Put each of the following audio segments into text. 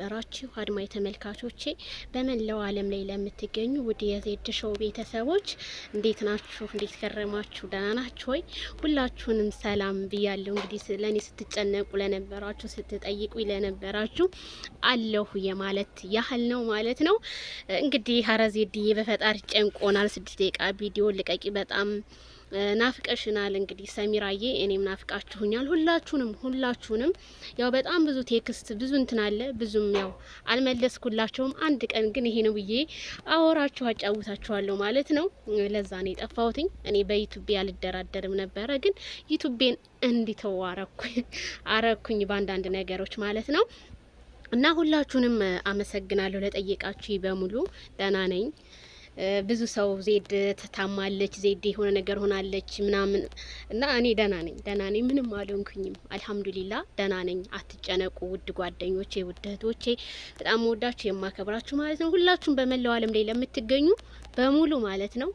የተከበራችሁ አድማጭ ተመልካቾቼ በመላው ዓለም ላይ ለምትገኙ ውድ የዜድ ሾው ቤተሰቦች እንዴት ናችሁ? እንዴት ከረማችሁ? ደህና ናችሁ ወይ? ሁላችሁንም ሰላም ብያለሁ። እንግዲህ ለእኔ ስትጨነቁ ለነበራችሁ፣ ስትጠይቁ ለነበራችሁ አለሁ የማለት ያህል ነው ማለት ነው። እንግዲህ ኧረ ዜድዬ በፈጣሪ ጨንቆናል። ስድስት ደቂቃ ቪዲዮ ልቀቂ በጣም ናፍቀሽናል። እንግዲህ ሰሚራዬ እኔም ናፍቃችሁኛል። ሁላችሁንም ሁላችሁንም ያው በጣም ብዙ ቴክስት ብዙ እንትን አለ ብዙም ያው አልመለስኩላቸውም። አንድ ቀን ግን ይሄ ነው ብዬ አወራችሁ አጫውታችኋለሁ ማለት ነው። ለዛ ነው የጠፋሁትኝ። እኔ በዩቱቤ አልደራደርም ነበረ፣ ግን ዩቱቤን እንዲተው አረኩኝ አረኩኝ በአንዳንድ ነገሮች ማለት ነው። እና ሁላችሁንም አመሰግናለሁ ለጠየቃችሁ በሙሉ ደህና ነኝ። ብዙ ሰው ዜድ ትታማለች፣ ዜድ የሆነ ነገር ሆናለች ምናምን እና እኔ ደህና ነኝ፣ ደህና ነኝ፣ ምንም አልሆንኩኝም። አልሐምዱሊላ ደህና ነኝ። አትጨነቁ ውድ ጓደኞቼ፣ ውድ እህቶቼ፣ በጣም ወዳችሁ የማከብራችሁ ማለት ነው። ሁላችሁም በመላው ዓለም ላይ ለምትገኙ በሙሉ ማለት ነው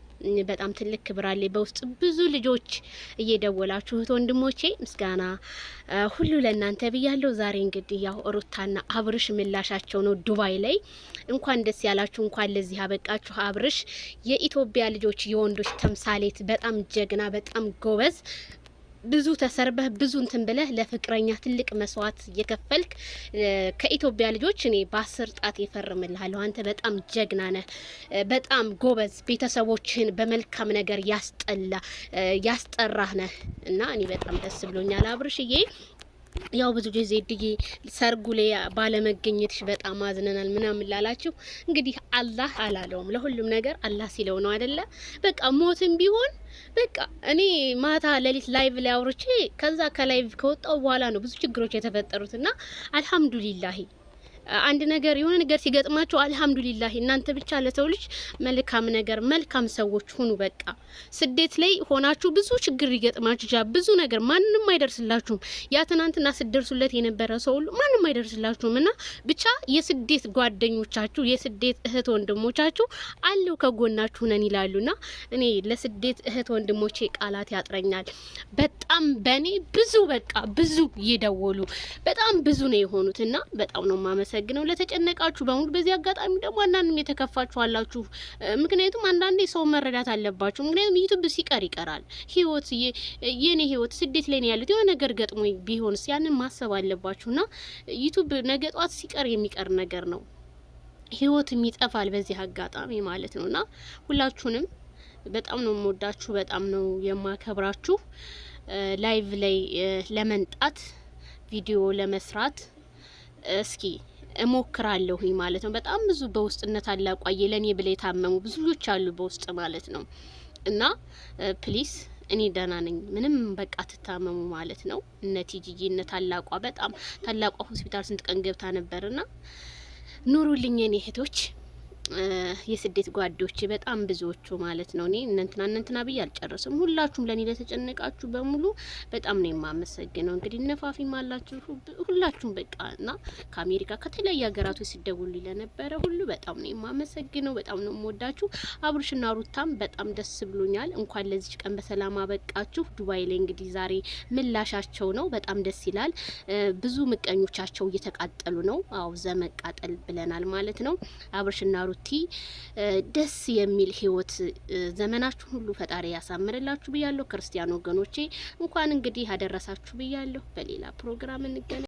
በጣም ትልቅ ክብር አለ። በውስጥ ብዙ ልጆች እየደወላችሁ እህት ወንድሞቼ ምስጋና ሁሉ ለእናንተ ብያለሁ። ዛሬ እንግዲህ ያው ሩታና አብርሽ ምላሻቸው ነው ዱባይ ላይ። እንኳን ደስ ያላችሁ፣ እንኳን ለዚህ ያበቃችሁ። አብርሽ የኢትዮጵያ ልጆች የወንዶች ተምሳሌት፣ በጣም ጀግና፣ በጣም ጎበዝ ብዙ ተሰርበህ ብዙ እንትን ብለህ ለፍቅረኛ ትልቅ መስዋዕት የከፈልክ ከኢትዮጵያ ልጆች እኔ በአስር ጣት ይፈርምልሃለሁ። አንተ በጣም ጀግና ነህ፣ በጣም ጎበዝ፣ ቤተሰቦችህን በመልካም ነገር ያስጠላ ያስጠራህ ነህ እና እኔ በጣም ደስ ብሎኛል አብርሽዬ። ያው ብዙ ጊዜ ዜድዬ ሰርጉ ላይ ባለመገኘትሽ በጣም አዝነናል ምናምን ላላችሁ እንግዲህ አላህ አላለውም። ለሁሉም ነገር አላህ ሲለው ነው አይደለ? በቃ ሞትም ቢሆን በቃ እኔ ማታ ሌሊት ላይቭ ላይ አውርቼ ከዛ ከላይቭ ከወጣው በኋላ ነው ብዙ ችግሮች የተፈጠሩት እና አልሐምዱሊላሂ አንድ ነገር የሆነ ነገር ሲገጥማችሁ አልሐምዱሊላህ እናንተ ብቻ ለሰው ልጅ መልካም ነገር መልካም ሰዎች ሁኑ። በቃ ስደት ላይ ሆናችሁ ብዙ ችግር ይገጥማችሁ ይችላል። ብዙ ነገር ማንም አይደርስላችሁም። ያ ትናንትና ስደርሱለት የነበረ ሰው ሁሉ ማንም አይደርስላችሁም እና ብቻ የስደት ጓደኞቻችሁ የስደት እህት ወንድሞቻችሁ አለው ከጎናችሁ ነን ይላሉና እኔ ለስደት እህት ወንድሞቼ ቃላት ያጥረኛል። በጣም በእኔ ብዙ በቃ ብዙ እየደወሉ በጣም ብዙ ነው የሆኑት እና በጣም ነው ማመሰ የምናመሰግነው ለተጨነቃችሁ በሙሉ። በዚህ አጋጣሚ ደግሞ አንዳንድም የተከፋችሁ አላችሁ። ምክንያቱም አንዳንዴ ሰው መረዳት አለባችሁ። ምክንያቱም ዩቱብ ሲቀር ይቀራል ህይወት የኔ ህይወት ስደት ላይ ነው ያሉት የሆነ ነገር ገጥሞ ቢሆንስ ያንን ማሰብ አለባችሁ። አለባችሁና ዩቱብ ነገ ጧት ሲቀር የሚቀር ነገር ነው። ህይወትም ይጠፋል በዚህ አጋጣሚ ማለት ነው። ነውና ሁላችሁንም በጣም ነው የምወዳችሁ፣ በጣም ነው የማከብራችሁ። ላይቭ ላይ ለመንጣት ቪዲዮ ለመስራት እስኪ እሞክራለሁኝ ማለት ነው። በጣም ብዙ በውስጥነት አላቋየ ለእኔ ብለ የታመሙ ብዙ ልጆች አሉ በውስጥ ማለት ነው። እና ፕሊስ እኔ ደህና ነኝ፣ ምንም በቃ ትታመሙ ማለት ነው። እነ ቲጂዬ እነ ታላቋ በጣም ታላቋ ሆስፒታል ስንት ቀን ገብታ ነበርና ኑሩልኝ እኔ እህቶች። የስደት ጓዶች በጣም ብዙዎቹ ማለት ነው። እኔ እነንትና እነንትና ብዬ አልጨርስም። ሁላችሁም ለእኔ ለተጨነቃችሁ በሙሉ በጣም ነው የማመሰግነው። እንግዲህ ነፋፊም አላችሁ ሁላችሁም በቃ እና ከአሜሪካ ከተለያዩ ሀገራቶች ሲደውሉልኝ ለነበረ ሁሉ በጣም ነው የማመሰግነው። በጣም ነው የምወዳችሁ። አብርሽና ሩታም በጣም ደስ ብሎኛል። እንኳን ለዚች ቀን በሰላም አበቃችሁ። ዱባይ ላይ እንግዲህ ዛሬ ምላሻቸው ነው። በጣም ደስ ይላል። ብዙ ምቀኞቻቸው እየተቃጠሉ ነው። አው ዘመቃጠል ብለናል ማለት ነው አብርሽና ሩ ሩቲ ደስ የሚል ህይወት ዘመናችሁን ሁሉ ፈጣሪ ያሳምርላችሁ ብያለሁ። ክርስቲያን ወገኖቼ እንኳን እንግዲህ አደረሳችሁ ብያለሁ። በሌላ ፕሮግራም እንገናኝ።